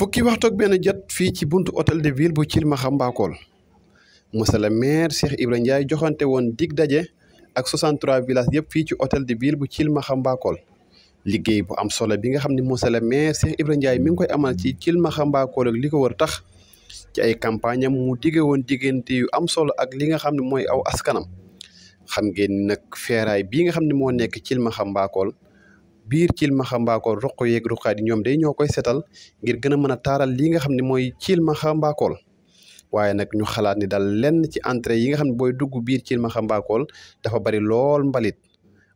fukki waxtoog ak benn jot fii ci buntu hôtel de ville bu Thilmakha Mbakol monsieur le maire Cheikh Ibra Ndiaye joxante woon dig daje ak 63 villages yëpp fii ci hôtel de ville bu Thilmakha Mbakol liggéey bu am solo bi nga xam ne monsieur le maire Cheikh Ibra mi ngi koy amal ci Thilmakha li ko wër tax ci ay campagne am mu diggee woon diggante yu am solo ak li nga xam ne mooy aw askanam xam ngeen nag feeraay bii nga xam ne moo nekk Thilmakha Mbakol biir ciil maxa mbaakool roq yeeg ruqaat yi ñoom day ñoo koy setal ngir gën a mën a taaral lii nga xam ne mooy ciil maxa mbaakool waaye nag ñu xalaat ni daal lenn ci entrée yi nga xam ne booy dugg biir ciil mbaakool dafa bari lool mbalit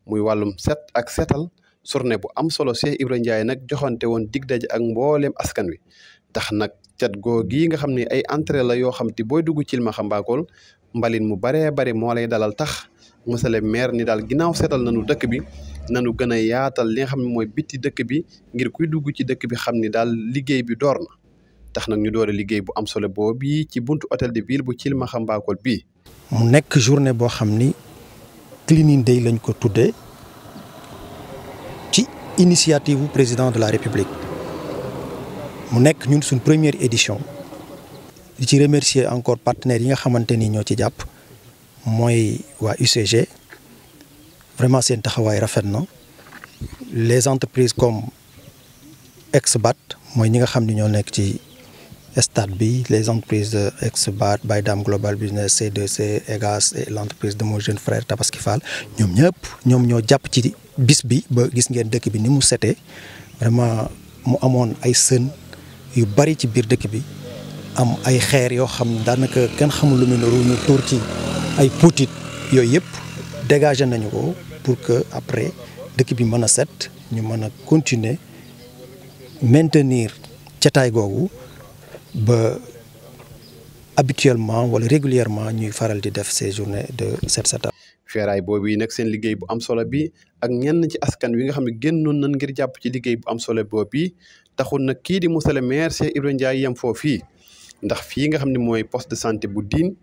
muy wàllum set ak setal journée bu am solo Cheikh Ibra Ndiaye nag joxante woon dig daje ak mbooleem askan wi tax nag cat goo gii nga xam ne ay entrée la yoo xam te booy dugg ciil mbalit mu baree bari moo lay dalal tax monsieur maire ni daal ginnaaw seetal nañu dëkk bi nañu gën a yaatal li nga xam ne mooy bitti dëkk bi ngir kuy dugg ci dëkk bi xam ni daal liggéey bi door na tax nag ñu doore liggéey bu am solo boobu ci buntu hôtel de ville bu Thilmakha Mbakol bii. mu nekk journée boo xam ni cleaning day lañ ko tuddee ci initiative bu président de la république mu nekk ñun suñ première édition li ci remercier encore partenaires yi nga xamante ni ñoo ci jàpp. mooy waa UCG vraiment seen taxawaay rafet na les entreprises comme Exbat mooy ñi nga xam ne ñoo nekk ci stade bi les entreprises Exbat Baydam Global Business C2C EGAS et l' entreprise de mon jeune frère Tabaski ñoom ñëpp ñoom ñoo jàpp ci bis bi ba gis ngeen dëkk bi ni mu setee vraiment mu amoon ay sën yu bari ci biir dëkk bi am ay xeer yoo xam daanaka kenn xamul lu mu ne ci ay puutit yooyu yëpp dégagé nañu ko pour que après dëkk bi mën a set ñu mën a continuer maintenir cetaay googu ba habituellement wala régulièrement ñuy faral di def se journées de set setal feeraay boobu yi nag seen liggéey bu am solo bi ak ñenn ci askan wi nga xam ne génnoon nañ ngir jàpp ci liggéey bu am solo boobu yi taxul nag kii di monsieur le maire Cheikh Ibrahima Ndiaye yem foofu fii ndax fii nga xam ne mooy poste de santé bu diin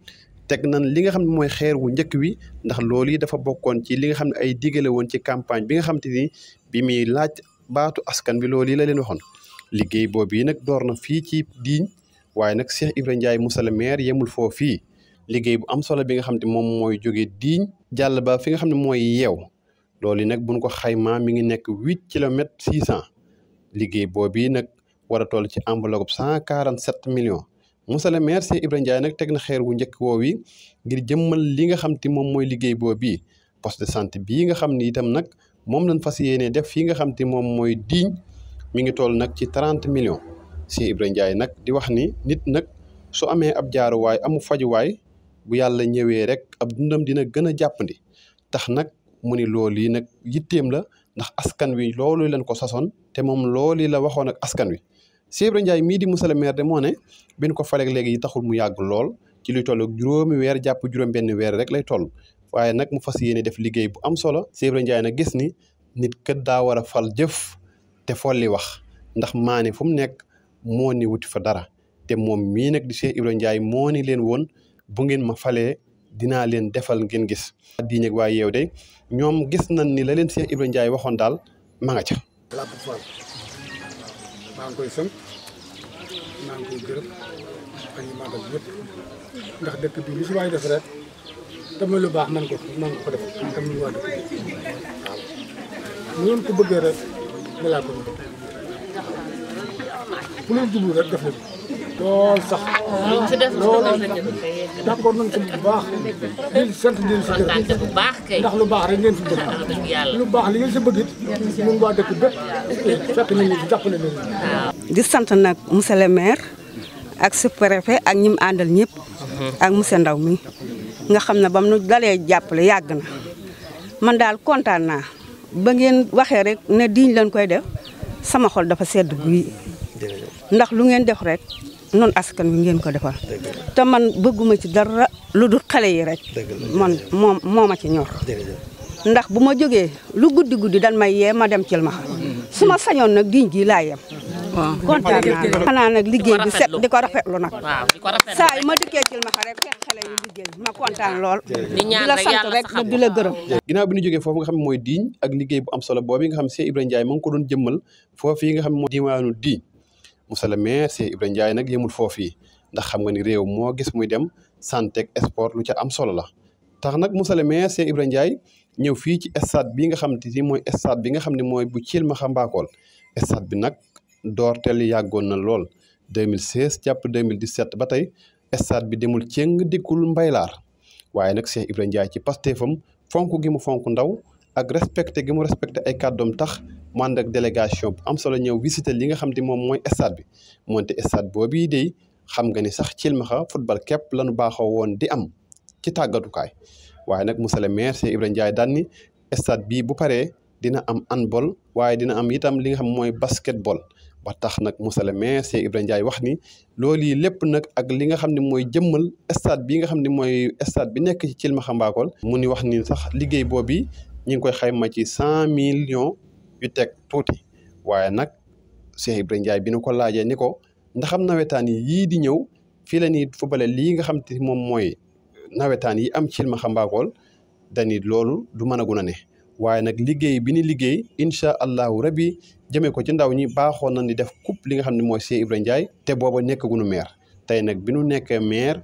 teg nan li nga xam ne mooy xeer wu njëkk wi ndax loolu yi dafa bokkoon ci li nga xam ne ay digale woon ci campagne bi nga xam te ni bi muy laaj baatu askan bi loolu yi la leen waxoon liggéey boobu yi nag door na fii ci diiñ waaye nag Cheikh Ibrahima Ndiaye Moussa le maire yemul foofu fii liggéey bu am solo bi nga xam te moom mooy jóge diiñ jàll ba fi nga xam ne mooy yeew loolu yi nag buñ ko xaymaa mi ngi nekk huit kilomètres six cent liggéey boobu yi nag war toll ci enveloppe cent quarante sept millions monsieur le maire Cheikh Ibrahima Ndiaye nag teg na xeer wu njëkk woow yi ngir jëmmal li nga xam ti moom mooy liggéey boobu bii poste de santé bii nga xam ni itam nag moom lañ fas yéene def fii nga xam te moom mooy diiñ mi ngi toll nag ci 30 millions Cheikh Ibrahima Ndiaye nag di wax ni nit nag su amee ab jaaruwaay amu fajuwaay bu yàlla ñëwee rek ab dundam dina gën a jàppandi tax nag mu ni loolu yi nag yitteem la ndax askan wi loolu leen ko sasoon te moom loolu la waxoon ak askan wi Cheikh Ibrahima Ndiaye mii di monsieur le maire de moo ne bi ko faleeg léegi yi mu yàgg lool ci luy toll juróomi weer jàpp juróom benn weer rek lay toll waaye nag mu fas yéene def liggéey bu am solo Cheikh Ibrahima Ndiaye nag gis ni nit kët daa war a fal jëf te folli wax ndax maane fu mu nekk moo ni fa dara te moom mii nag di Cheikh Ibrahima Ndiaye moo ni leen woon bu ngeen ma falee dinaa leen defal ngeen gis diine ak waa yeew de ñoom gis na ni la leen Cheikh Ibrahima Ndiaye waxoon daal ma nga maa ngi koy sant maa ngi koy gërëm ak ndax dëkk bi lu si waay def lu baax nan ko nan ko def te muy waa dëkk bi waaw noonu ko bëggee rek nga laa ko bëgg ku leen jublu rek def lool sax. lool d'accord nañ baax. lu baax rek ngeen fi bëgg. lu baax li ngeen si bëgg mun waa dëkk bépp di sant nag monsieur le maire ak sous-préfet ak ñi mu àndal ñëpp. ak monsieur Ndaw mi nga xam ne bam nu dalee jàppale yàgg na man daal kontaan naa ba ngeen waxee rek ne diñ lañ koy def sama xol dafa sedd guy. ndax lu ngeen def rek noonu askan wi ngeen ko defar te man bëgguma ci dara lu dul xale yi rek man moom moo ma ci ñor ndax bu ma jógee lu guddi guddi dan may yee ma dem cil ma su ma sañoon nag giñ gi laa yem kontaan naa xanaa nag liggéey bi set di ko rafetlu nag saa yi ma dikkee cil ma rek fekk xale yi liggéey ma kontaan lool di la sant rek ma di la gërëm ginnaaw bi ñu jógee foofu nga xam mooy diiñ ak liggéey bu am solo boobu nga xam Cheikh Ibrahima Ndiaye ma ngi ko doon jëmmal foofu yi nga xam ne mooy diwaanu diiñ monsieur le maire Cheikh Ibrahima Ndiaye nag yemul foofii ndax xam nga ni réew moo gis muy dem santé ak sport lu ca am solo la tax nag monsieur le maire Cheikh Ibrahima Ndiaye ñëw fii ci stade bi nga xam te ni mooy stade bi nga xam ne mooy bu Thiel ma xambaakool stade bi nag doorteel yàggoon na lool 2016 jàpp 2017 ba tey stade bi demul cëng dikkul mbaylaar waaye nag Cheikh Ibrahima Ndiaye ci pastéefam fonk gi mu fonk ndaw ak respecté gi mu respecte ay kàddoom tax mu ak délégation bu am solo ñëw visiter li nga xam di moom mooy stade bi moonte stade boobu yi dey xam nga ni sax cilmaxa football képp lañu baaxoo woon di am ci tàggatukaay waaye nag monsieur le maire se Ibrahima Ndiaye daan ni stade bii bu paree dina am handball waaye dina am itam li nga xam mooy basketball ba tax nag monsieur le maire Cheikh Ibrahima Ndiaye wax ni loolu yi lépp nag ak li nga xam ne mooy jëmmal stade bii nga xam ni mooy stade bi nekk ci cilmaxa mbaakool mu ni wax ni sax liggéey boobu ñu ngi koy xayma ci cent millions yu teg tuuti waaye nag Cheikh Ibrahima njaay bi nu ko laajee ni ko ndaxam nawetaan yii di ñëw fii la nii fubale lii nga xam te moom mooy nawetaan yi am ci Mbakool dañuy loolu du mën a ne waaye nag liggéey bi ni liggéey incha allahu rabi jëmee ko ci ndaw ñi baaxoon na ni def coupe li nga xam ne mooy Cheikh Ibrahima Ndiaye te booba nekkagunu meer tey nag bi nu nekkee maire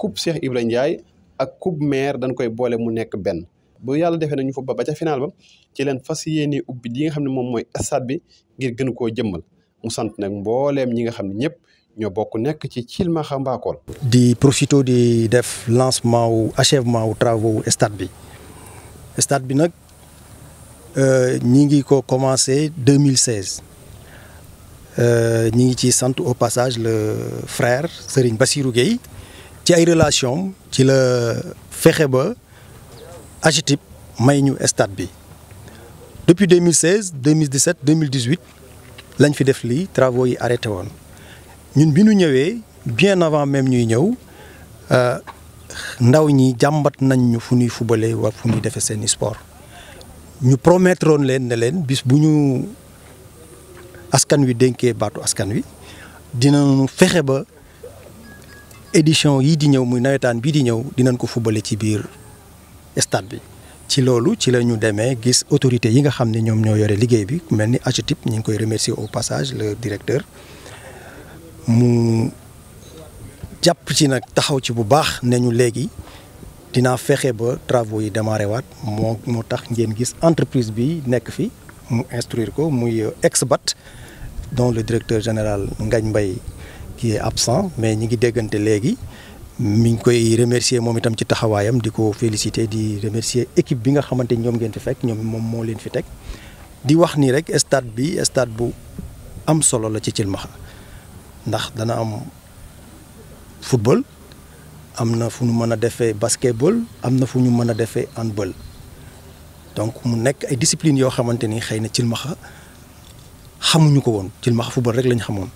coupe Cheikh Ibrahima Ndiaye ak coupe maire dañ koy boole mu nekk benn. bu yàlla defee nañu football ba ba ca final ba ci leen fas yéene ubbi yi nga xam ne moom mooy stade bi ngir gën koo jëmmal mu sant nag mbooleem ñi nga xam ne ñëpp ñoo bokk nekk ci Thilmakha Mbakol di profito di def lancement wu achèvement wu travaux stade bi stade bi nag euh, ñi ngi ko commencé 2016 euh, ñi ngi ci sant au passage la frère Serigne Bassirou Gueye ci ay relation ci la fexe ba AGETIP may ñu stade bi depuis 2016 2017 2018 lañ fi def lii travaux yi arrêté woon ñun bi ñu ñëwee bien avant même ñuy ñëw euh, ndaw ñi jàmbat nañ ñu fu nuy fubale wa fu ñuy defee seeni sport ñu promettre woon leen ne leen bis bu ñu askan wi dénkee baatu askan wi dinañu fexe ba édition yii di ñëw muy nawetaan bii di ñëw dinañ ko fubale ci biir. stade bi ci loolu ci la ñu demee gis autorités yi nga xam ne ñoom ñoo yore liggéey bi mel ni AGETIP ñu ngi koy remercier au passage le directeur mu jàpp ci nag taxaw ci bu baax ne léegi dina fexe ba travaux yi démarré waat moo moo tax ngeen gis entreprise bi nekk fi mu instruire ko muy euh, Exbat donc le directeur général Ngagne mbay qui est absent mais ñi ngi déggante léegi mi ngi koy remercier moom itam ci taxawaayam di ko féliciter di remercier équipe bi nga xamante ni ñoom ngeen fi fekk ñoom moom moo leen fi teg di wax nii rek stade bi stade bu am solo la ci Thilmakha ndax dana am football am na fu ñu mën a defee basketball am na fu ñu mën a defee handball donc mu nekk ay discipline yoo xamante ni xëy na cilmaxa xamuñu ko woon Thilmakha football rek lañ xamoon.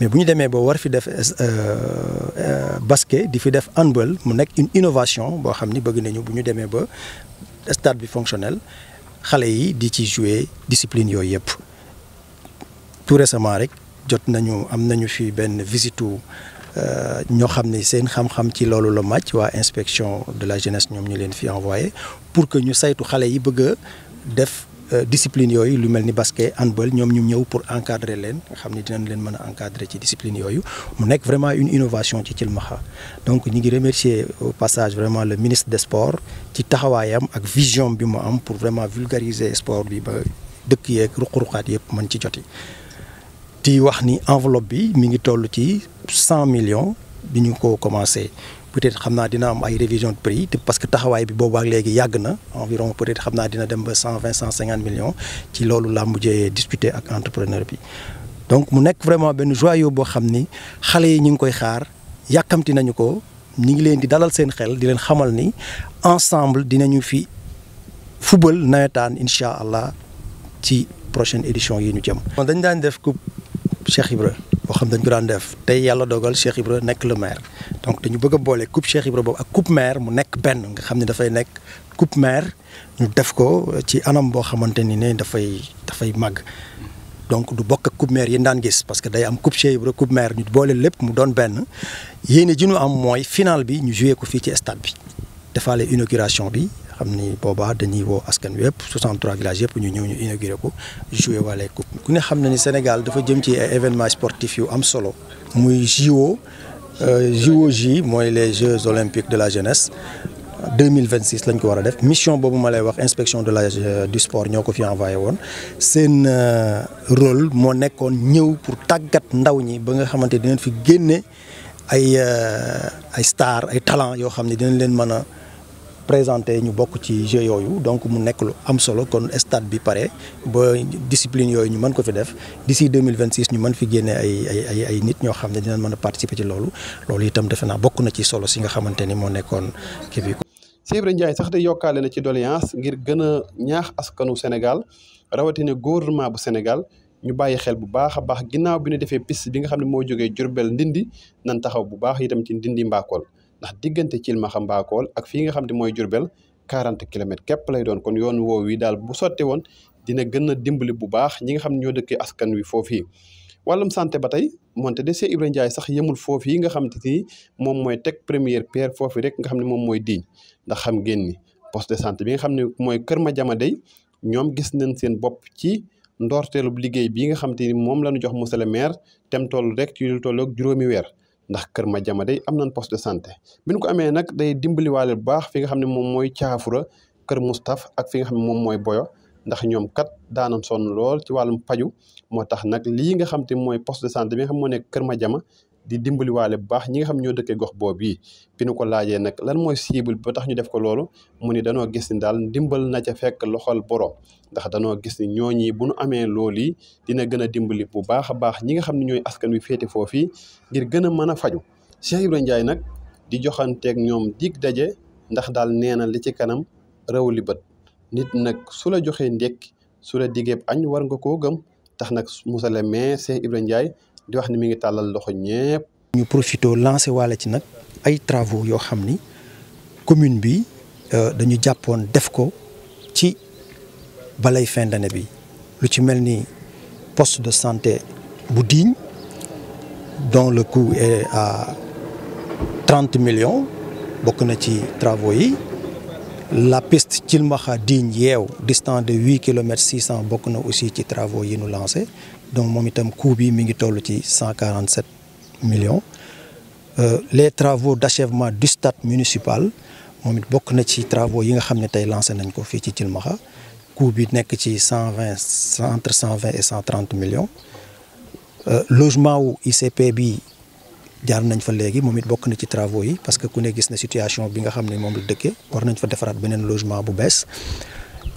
mais bu ñu demee ba war fi def euh, euh, basket di fi def handball mu nekk une innovation boo xam ni bëgg nañu bu ñu demee ba stade bi fonctionnel xale yi di ci jouer discipline yooyu yëpp tout récemment rek jot nañu am nañu fi benn visitu euh, ñoo xam ne seen xam-xam ci loolu la màcc waa inspection de la jeunesse ñoom ñu leen fi envoyé pour que ñu saytu xale yi bëgg a def Euh, discipline yooyu lu mel ni basket handball ñoom ñu ñëw pour encadrer leen nga xam ni dinañ leen mën a encadrer ci discipline yooyu mu nekk vraiment une innovation ci Thilmakha donc ñu ngi remercier au passage vraiment le ministre de sports ci taxawaayam ak vision bi mu am pour vraiment vulgariser sport bi ba dëkk yeeg ruq-ruqaat yëpp mën ci joti di wax ni enveloppe bi mi ngi toll ci cent millions bi ñu ko commencé peut-être xam naa dina am ay révision de prix parce que taxawaay bi boobu ak léegi yàgg na environ peut-être xam naa dina dem ba cent vingt cent cinquante millions ci loolu laa mujjee discuter ak entrepreneur bi. donc mu nekk vraiment benn joyau boo xam ni xale yi ñu ngi koy xaar yàkkamti nañu ko ñu ngi leen di dalal seen xel di leen xamal ni ensemble dinañu fi fubal nawetaan incha allah ci prochaine édition yi ñu jëm. dañ daan def coupe Cheikh Ibra. boo xam dañ ko daan def tey yàlla dogal Cheikh Ibra nekk le maire donc dañu bëgg a boole coupe Cheikh Ibra boobu ak coupe maire mu nekk benn nga xam ne dafay nekk coupe maire ñu def ko ci anam boo xamante ni ne dafay dafay màgg donc du bokk ak coupe maire yi ñu daan gis parce que day am coupe Cheikh Ibra coupe maire ñu boole lépp mu doon benn yéene ji ñu am mooy final bi ñu joué ko fii ci stade bi defaale inauguration bi. xam ni boobaa dañuy woo askan wi yëpp 63 villages yëpp ñu ñëw ñu inauguré ko joué wala coupe ku ne xam na ni Sénégal dafa jëm ci ay événements sportifs yu am solo muy JO euh, ji mooy les Jeux olympiques de la jeunesse 2026 lañ ko war a def mission boobu ma lay wax inspection de la euh, du sport ñoo ko fi envoyé woon seen euh, rôle moo nekkoon ñëw pour tàggat ndaw ñi ba nga xamante dinañ fi génne ay ay star ay talent yoo xam ne dinañ leen mën a présenté ñu bokk ci jeux yooyu donc mu nekk lu am solo kon stade bi pare ba discipline yooyu ñu mën ko fi def d'ici 2026 ñu mën fi génne ay nit ñoo xam ne dinañ mën a participer ci loolu loolu itam defe naa bokk na ci solo si nga xamante ni moo nekkoon kii bi. Sibra Ndiaye sax de yokkaale na ci doléance ngir gën a ñaax askanu Sénégal rawatina gouvernement bu Sénégal. ñu bàyyi xel bu baax a baax ginnaaw bi ñu defee piste bi nga xam ne moo jógee Jurbel Ndindi nan taxaw bu baax itam ci Ndindi Mbakol ndax diggante Cilmaxa Mbaakool ak fii nga xam ne mooy Jurbel 40 kilomètres képp lay doon kon yoon woow wi daal bu sotti woon dina gën a dimbali bu baax ñi nga xam ne ñoo dëkkee askan wi foofii wàllum santé ba tey moonte de Cheikh Ibrahima Ndiaye sax yemul foofu yi nga xam te ni moom mooy teg premier pierre foofu rek nga xam ne moom mooy diiñ ndax xam ngeen ni poste de santé bi nga xam ne mooy Kër jama day ñoom gis nañ seen bopp ci ndoorteelu liggéey bi nga xam te ni moom la ñu jox monsieur le tem toll rek ci lu tolloog juróomi weer ndax Kër Madiama day am nañ poste de santé bi ñu ko amee nag day dimbaliwaale bu baax fi nga xam ne moom mooy caafura Kër Moustapha ak fi nga xam ne moom mooy Boyo ndax ñoom kat daanañ sonn lool ci wàllum paju moo tax nag lii nga xam te mooy poste de santé mi nga xam moo nekk Kër Madiama di dimbaliwaale bu baax ñi nga xam ñoo dëkkee gox boob yi bi nu ko laajee nag lan mooy cible ba tax ñu def ko loolu mu ni danoo gis ni daal ndimbal na ca fekk loxol borom ndax danoo gis ni ñooñi bu nu amee loolu yi dina gën a dimbali bu baax a baax ñi nga xam ne ñooy askan wi féete foofii ngir gën a mën a faju Cheikh Ibrahima Ndiaye nag di joxanteeg ñoom dig daje ndax daal nee na li ci kanam raw libat nit nag su la joxee ndékki su la diggee añ war nga koo gëm tax nag monsieur le maire Cheikh Ibrahima di wax ni mi ngi tàllal loxo ñépp ñu profité lancé waale ci nag ay travaux yoo xam ni commune bi euh, dañu jàppoon def ko ci balay fin d'année bi lu ci mel ni poste de santé bu Digne dont le coût est à trente millions bokk na ci travaux yi la piste Thilmakha Digne Yeew distant de huit kilomètres six cents bokk na aussi ci travaux yi ñu lancé donc moom itam coût bi mi ngi toll ci cent quarante sept millions euh, les travaux d'achèvement du stade municipal moom it bokk na ci travaux yi nga xam ne tey lancé nañ ko fii ci Thilmakha coût bi nekk ci cent vingt entre cent vingt et cent trente millions euh, logement wu ICP bi jaar nañ fa léegi moom it bokk na ci travaux yi parce que ku ne gis na situation bi nga xam ne moom la dëkkee war nañ fa defaraat beneen logement bu bees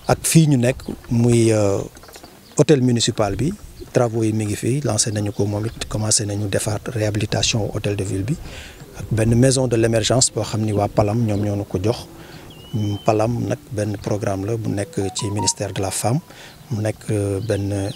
ak fii ñu nekk muy euh, hôtel municipal bi travaux yi mi ngi fii lancé nañu ko moom it commencé nañu defaat réhabilitation hôtel de ville bi ak benn maison de l' émergence boo xam ni waa Palam ñoom ñoo nu ko jox. Mm, Palam nag benn programme la bu nekk ci ministère de la femme mu nekk euh, benn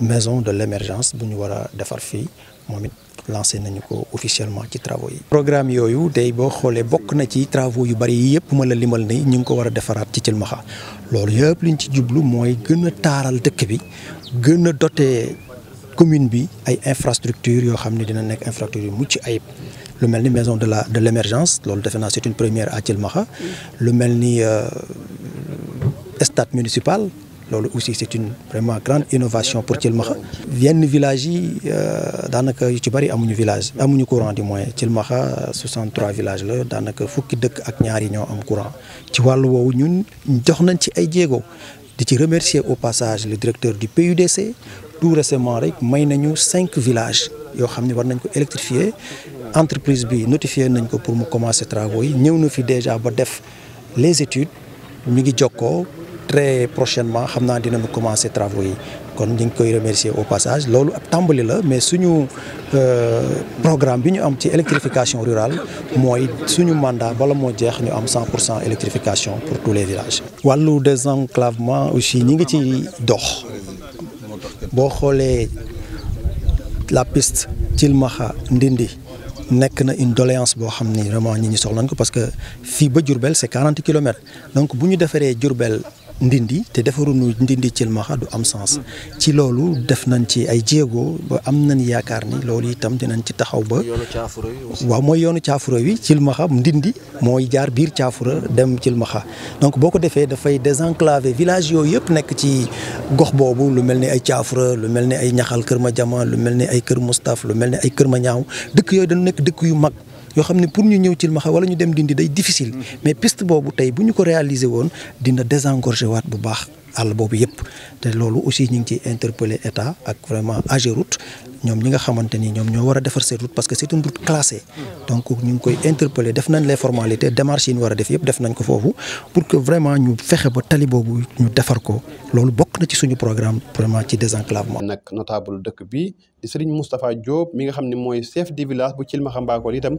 maison de l' émergence bu ñu war a defar fii. moom it lancé nañu ko officiellement ci travaux yi. programme yooyu day boo xoolee bokk na ci travaux yu bari yi yëpp ma la limal ni ñu ngi ko war a defaraat ci Thilmakha loolu yëpp liñ ci jublu mooy gën a taaral dëkk bi gën a doter commune bi ay infrastructures yoo xam ne dina nekk infrastructure yu mucc ayib. lu mel ni maison de la de l'émergence loolu defe naa c'est une première lu mel ni euh, stade municipal. loolu aussi c' est une vraiment grande innovation pour Thilmakha yenn villages yi euh, daanaka yu ci bëri amuñu village amuñu courant du moins Thilmakha 63 villages la daanaka fukki dëkk ak ñaari ñoo am courant ci wàllu woowu ñun jox nañ ci ay jéego di ci remercier au passage le directeur du PUDC tout récemment rek may nañu cinq villages yoo xam ne war nañ ko électrifier entreprise bi notifié nañ ko pour mu commencer travaux yi ñëw na fi déjà ba def les études ñu ngi jokkoo très prochainement xam naa dinañu commencer travaux yi kon ñu ngi koy remercier au passage loolu ab tàmbali la mais suñu euh, programme bi ñu am ci électrification rural mooy suñu mandat bala moo jeex ñu am 100 pour cent électrification pour tous les villages. wàllu désenclavement aussi ñi ngi ci dox boo xoolee la piste Thilmakha Ndindi. nekk na une doléance boo xam ni vraiment ñi ñu soxla ko parce que fii ba Diourbel c'est 40 kilomètres donc bu ndindi te defaruñu ndindi cilmaxa du am sens ci loolu def nañ ci ay jéego ba am nañ yaakaar ni loolu itam dinañ ci taxaw ba waaw mooy yoonu caafura wi cilmaxa ndindi mooy jaar biir caafura dem cilmaxa donc boo ko defee dafay désenclaver village yooyu yëpp nekk ci gox boobu lu mel ni ay caafura lu mel ni ay ñaxal kër ma jama lu mel ni ay kër mustaf lu mel ni ay kër ma ñaaw dëkk yooyu da nekk dëkk yu mag yoo xam ne pour ñu ñëw Cilmaxa wala ñu dem dindi day difficile mm-hmm. mais piste boobu tey bu ñu ko réaliser woon dina désengorger waat bu baax. àll boobu yëpp te loolu aussi ñu ngi ciy interpeller état ak vraiment AGEROUTE ñoom ñi nga xamante ni ñoom ñoo war a defar seen route parce que c'est une route classée donc ñu ngi koy interpeller def nañ les formalité démarches yi war a def yëpp def nañ ko foofu pour que vraiment ñu fexe ba tali boobu ñu defar ko loolu bokk na ci suñu programme vraiment ci désenclavement. nag notable dëkk bi di Serigne Moustapha Diop mi nga xam ne mooy chef de village bu Thilmakha Mbakol itam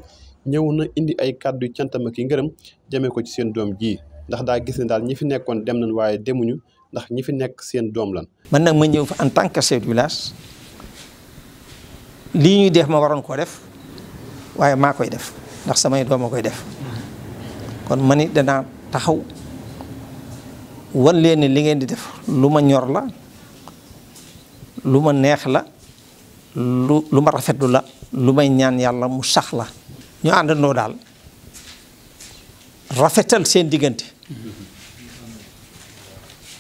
ñëw na indi ay kàddu cantam ak i ngërëm jëmee ko ci seen doom ji ndax daa gis ne daal ñi fi nekkoon dem nañ waaye demuñu. ndax ñi fi nekk seen doom lan man nag ma ñëw fa en tant que chef de village lii ñuy def ma waroon koo def waaye maa koy def ndax samay doom a koy def kon man it danaa taxaw wan leen ne li ngeen di def lu ma ñor la lu ma neex la lu lu ma rafetlu la lu may ñaan yàlla mu sax la ñu àndandoo daal rafetal seen diggante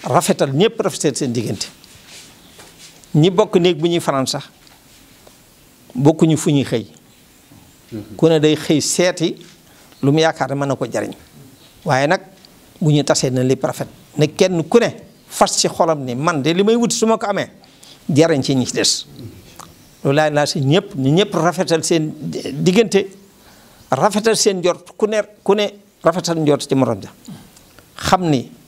rafetal ñëpp rafetal seen diggante ñi bokk néeg bu ñuy fanaan sax bokkuñu fu ñuy xëy ku ne day xëy seeti lu mu yaakaar ne mën na ko jariñ waaye nag bu ñu tasee na lépp rafet ne kenn ku ne fas ci xolam ni man de li may wut su ma ko amee jariñ ci ñi des loolu laay naa si ñëpp ñu ñëpp rafetal seen diggante rafetal seen njort ku ne ku ne rafetal njort ci morom ja xam ni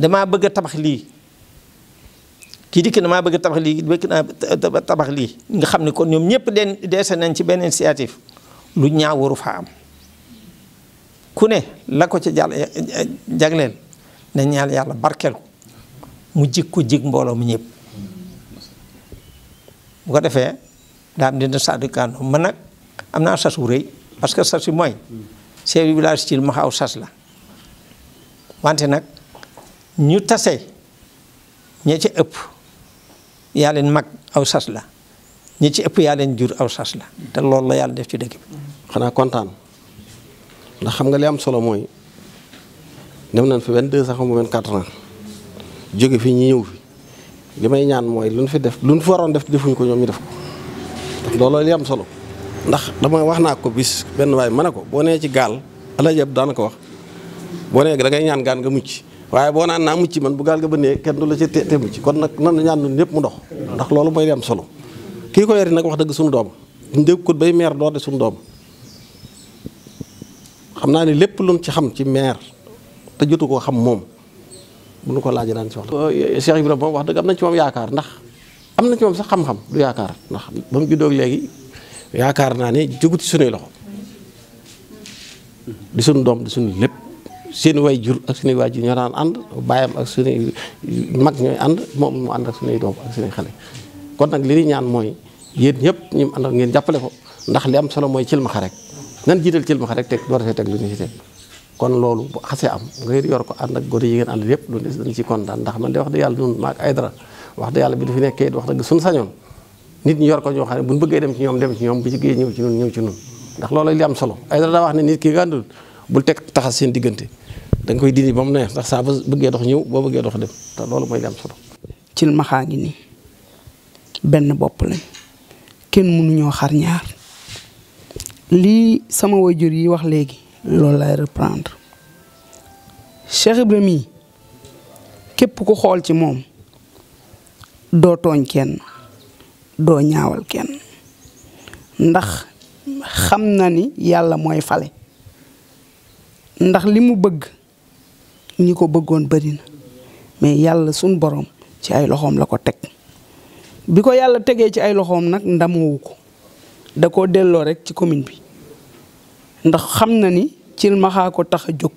damaa bëgg a tabax lii kii dikk damaa bëgg tabax lii bëgg naa tabax lii nga xam ne kon ñoom ñëpp den deese nañ ci benn initiative lu ñaaw waru faa am ku ne la ko ca jàll eh, eh, jagleel na ñaan yàlla barkeel mu jig ko jig mbooloo mu ñépp bu ko defee daam dina Sadio Kano man nag am naa sas wu rëy parce que sas yi mooy chef du village ci ma xaw sas la wante nag ñu tase ñee ci ëpp yaa leen mag aw sas la ñi ci ëpp yaa leen jur aw sas la te loolu la yàlla def ci dëkk bi. xanaa kontaan ndax xam nga li am solo mooy dem nañ fi 22 sax mu 24 ans jóge fii ñu ñëw fi li may ñaan mooy lu ñu fi def lu ñu fi waroon def defuñ ko ñoom ñu def ko ndax looloo li am solo ndax dama wax naa ko bis benn waay ma ne ko boo nee ci gaal El Hadj daana ko wax boo nee da ngay ñaan gaan nga mucc. waaye boo naan naa mucc man bu gaal ga ne kenn du la ci te mucc kon nag nan ñaan ñun ñëpp mu dox ndax loolu mooy am solo kii ko yari nag wax dëgg suñu doom ñu ko bay meer doo de suñu doom xam naa ne lépp luñ ci xam ci meer te koo xam moom bu ko laajee daan ci wax oh, Cheikh Ibrahima moom wax dëgg am na ci yaakaar ndax am na ci moom sax yaakaar ndax ba mu juddoo yaakaar naa ne jógu ci sunuy loxo di sunu doom di sunu lépp seen way jur ak suñuy waajur ñoo daan ànd baayam ak suñuy mag ñooy ànd moom mu ànd ak suñuy doom ak suñuy xale kon nag li ñuy ñaan mooy yéen ñëpp ñu ànd ak ngeen jàppale ko ndax li am solo mooy cilmaxa rek nan jiital cilmaxa rek teg door see teg lu ñu si teg kon loolu xasee am nga yor ko ànd ak góor yi ngeen ànd yëpp lu des ndax man de wax dëgg yàlla nun maak ay dara wax dëgg nit ñi yor ko ñoo xam ne buñ bëggee dem ci ñoom dem ñoom bu jigéen ñëw ci nun ñëw solo ay dara daa wax ne nit ki nga àndul bul teg taxas seen diggante da nga koy dindi ba mu neex ndax saa ba bëggee dox ñëw boo bëggee dox dem te loolu mooy li am solo. ci maxaa ngi nii benn bopp lañ kenn mënuñoo xarñaar lii sama wajur yi wax léegi loolu lay reprendre Cheikh Ibrahima yi képp ku xool ci moom doo tooñ kenn doo ñaawal kenn ndax xam na ni yàlla mooy fale ndax li mu bëgg. ñi ko bëggoon bëri na mais yàlla suñ borom ci ay loxoom la ko teg bi ko yàlla tegee ci ay loxoom nag ndamoowu ko da koo delloo rek ci commune bi ndax xam na ni cilmaxaa ko tax a jóg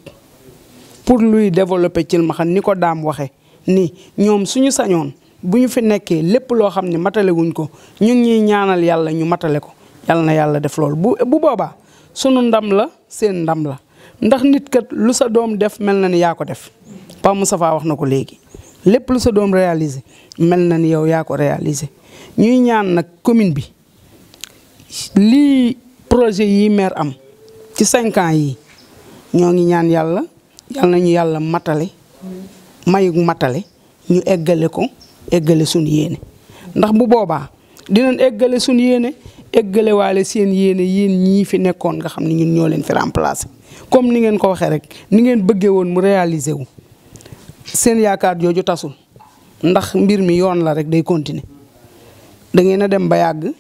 pour luy développer cilmaxa ni ko daam waxe ni ñoom suñu sañoon bu ñu fi nekkee lépp loo xam ne matale ko ñu ngi ñaanal yàlla ñu matale ko yàlla na yàlla def loolu bu bu boobaa sunu ndam la seen ndam la ndax nit kat lu sa doom def mel na ni yaa ko def Pa Moustapha wax na ko léegi lépp lu sa doom réalisé mel na ni yow yaa ko réalisé ñuy ñaan nag commune bi lii projet yi maire am ci cinquant yi ñoo ngi ñaan yàlla yàlla nañu yàlla matale mayu matale ñu eggale ko eggale suñu yéene ndax bu boobaa dinañ eggale suñu yéene eggale waale seen yéene yéen ñii fi nekkoon nga xam ne ñun ñoo leen fi remplacer comme ni ngeen ko waxee rek ni ngeen bëggee woon mu réaliser wu seen yaakaar jooju tasul ndax mbir mi yoon la rek day continuer da ngeen a dem ba yàgg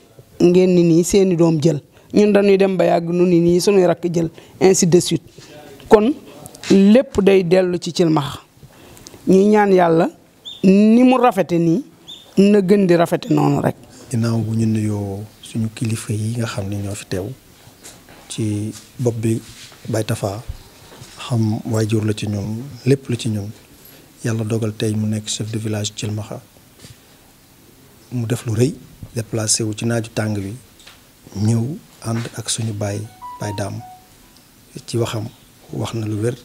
ngeen ni nii seeni doom jël ñun dañuy dem ba yàgg nu nii suñuy rakk jël ainsi de suite kon lépp day dellu ci cilmax ñuy ñaan yàlla ni mu rafete nii na gën di rafete noonu rek ginnaaw bu ñu nuyoo suñu kilifa yi nga xam ne ñoo fi teew ci bopp bi Baye Tafa xam waajur la ci ñun lépp la ci ñun yàlla dogal tey mu nekk chef de village Thilmakha mu def lu rëy déplacé wu ci naaju tàng bi ñëw ànd ak suñu baay baay daam ci waxam wax na lu wér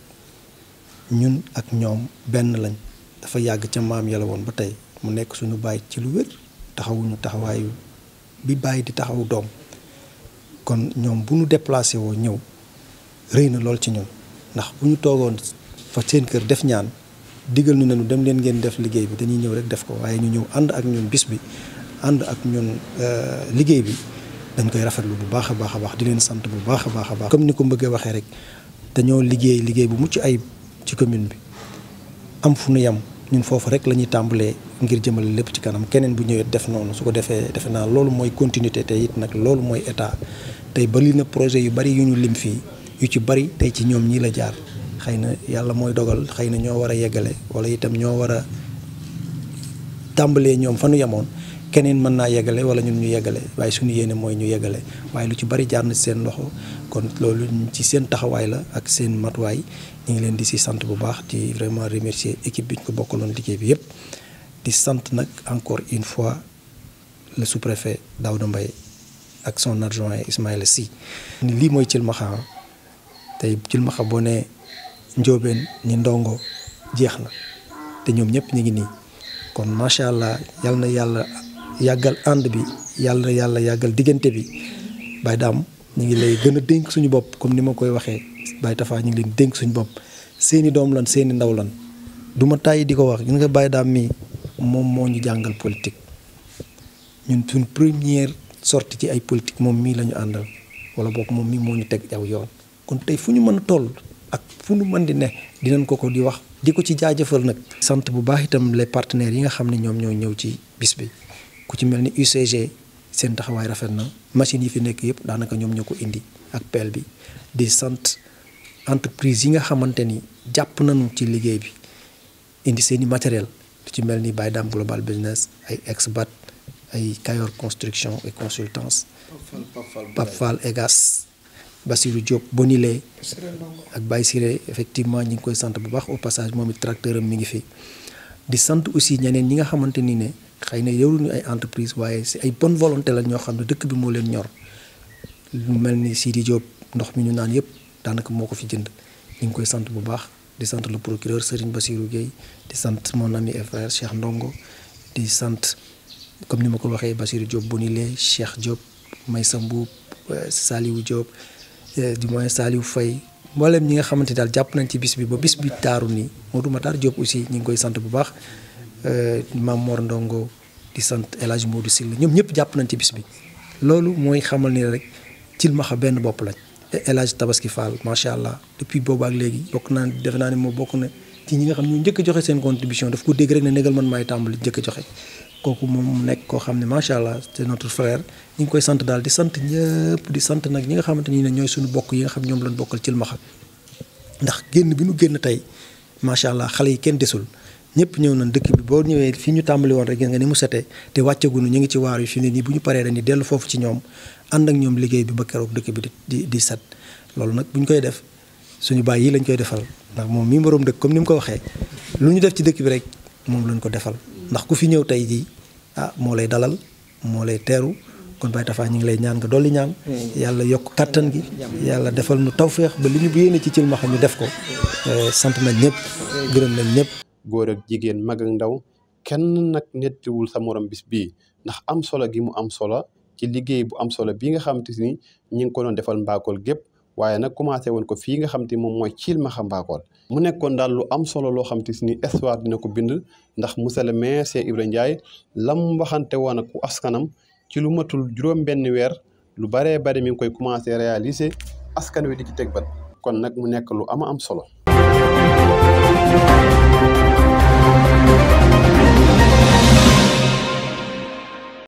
ñun ak ñoom benn lañ dafa yàgg ca maam yàlla woon ba tey mu nekk suñu baay ci lu wér taxawuñu taxawaayu bi baay di taxawu doom kon ñoom bu ñu déplacé woo ñëw rëy na lool ci ñun ndax bu ñu toogoon fa seen kër def ñaan digal nu ne ñu dem leen ngeen def liggéey bi dañuy ñëw rek def ko waaye ñu ñëw ànd ak ñun bis bi ànd ak ñun euh, liggéey bi dañ koy rafetlu bu baax a baax a baax di leen sant bu baax a baax a baax. comme ni ko bëggee waxee rek dañoo liggéey liggéey bu mucc ayib ci commune bi am fu nu yem. ñun foofu rek la ñuy tàmbalee ngir jëmale lépp ci kanam keneen bu ñëwee def noonu su ko defee defe naa loolu mooy continuité tey it nag loolu mooy état tey bari na projet yu bari yu ñu lim fii yu ci bari tey ci ñoom ñii la jaar xëy na yàlla mooy dogal xëy na ñoo war a yeggale wala itam ñoo war a tàmbalee ñoom fa nu yemoon keneen mën naa yeggale wala ñun ñu yeggale waaye suñu yéene mooy ñu yeggale waaye lu ci bari jaar na ci seen loxo kon loolu ci seen taxawaay la ak seen matuwaay ñu ngi leen di si sant bu baax di vraiment remercier équipe bi ñu ko bokk bokkaloon liggéey bi yëpp di sant nag encore une fois le sous-préfet Daouda Mbaye ak son adjoint Ismaïla si lii mooy cilmaxa tey cilmaxa bone ne njoobeen ñi ndongo jeex na te ñoom ñëpp ñu ngi nii kon macha allah yal na yàlla yàggal ànd bi yàlla yàlla yàggal diggante bi bay daam ñu ngi lay gën a dénk suñu bopp comme ni ma koy waxee Baye Tafa ñu ngi leen dénk suñ bopp seeni doom lan seeni ndaw lan du ma tàyyi di ko wax gis nga Baye daa mii moom moo ñu jàngal politique ñun suñ première sorti ci ay politique moom mii la ñu àndal wala boog moom mii moo ñu teg aw yoon kon tey fu ñu mën a toll ak fu mën di ne dinañ ko ko di wax di ko ci jaajëfal nag. sant bu baax itam les partenaires yi nga xam ne ñoom ñoo ñëw ci bis bi ku ci mel ni UCG seen taxawaay rafet na machines yi fi nekk yëpp daanaka ñoom ñoo ko indi ak peel bi di sant. entreprise yi nga xamante ni jàpp nañu ci liggéey bi indi seen i matériel lu ci mel ni Baydam Global Business ay Exbat ay Kayor Construction et Consultance Pape Fall Egas Basirou Diop Bonilé ak Baye Siré effectivement ñi ngi koy sant bu baax au passage moom it tracteur am mi ngi fi di sant aussi ñeneen ñi nga xamante ni ne xëy na yoruñu ay entreprise waaye si ay bonne volonté la ñoo xam ne dëkk bi moo leen ñor lu mel ni Sidi Diop ndox mi ñu naan yëpp daanaka moo ko fi jënd ñu ngi koy sant bu baax di sant le procureur Serigne Bassirou Gueye di sant mon ami et frère Cheikh Ndongo di sant comme ni ma ko waxee Bassirou Diop Bonilé Cheikh Diop sa Mbuub euh, Saliou Diop euh, di moins Saliou fay mboolem ñi nga xamante daal jàpp nañ ci bis bi ba bis bi taaru nii Modou Matar Diop aussi ñu ngi koy sant bu baax euh, Mam Mor Ndongo di sant El Hadj Modou Sylla ñoom ñëpp jàpp nañ ci bis bi loolu mooy xamal ni rek cilmaxa benn bopp lañ. et Tabaski Fall macha allah depuis boobaak léegi bokk naa ne defe naa ne moo bokk na ci ñi nga xam ñoo njëkk a joxe seen contribution daf ko dégg rek ne négal man maay tàmbali njëkk a joxe kooku moom nekk koo xam ne macha allah c'est notre frère ñu ngi koy sant daal di sant ñëpp di sant nag ñi nga xamante ni ne ñooy suñu bokk yi nga xam ñoom lañ bokkal ci Cilmaxa ndax génn bi nu génn tey macha allah xale yi kenn desul ñëpp ñëw nañ dëkk bi boo ñëwee fii ñu tàmbali woon rek gis nga ni mu setee te wàccagunu ñu ngi ci waar yi fi ne nii bu ñu paree dañuy dellu foofu ci ñoom ànd ak ñoom liggéey bi ba keroog dëkk bi di di set loolu nag bu ñu koy def suñu baay yi lañ koy defal ndax moom mii comme ni ko waxee lu ñu def ci dëkk bi rek moom lañ ko defal ndax ku fi ñëw tey jii ah moo lay dalal moo lay teeru kon Baye Tafa ñu ngi lay ñaan nga dolli ñaan yàlla yokk kattan gi yàlla defal nu tawféex ba li ñu yéene ci cilmaxa ñu def ko eh, sant nañ ñëpp gërëm nañ ñëpp góor ak jigéen mag ndaw kenn nag nettiwul sa morom bis bii ndax am solo gi mu am solo ci liggéey bu am solo bi nga xam te ni ñi ngi ko doon defal mbaakool gépp waaye nag commencé woon ko fii nga xam te moom mooy ciil ma xam mu nekkoon daal lu am solo loo xam si ni histoire dina ko bind ndax monsieur le maire Cheikh Ibrahima Ndiaye lam waxante woon ak askanam ci lu matul juróom benn weer lu baree bari mi ngi koy commencé réaliser askan wi di ci teg bat kon nag mu nekk lu ama am solo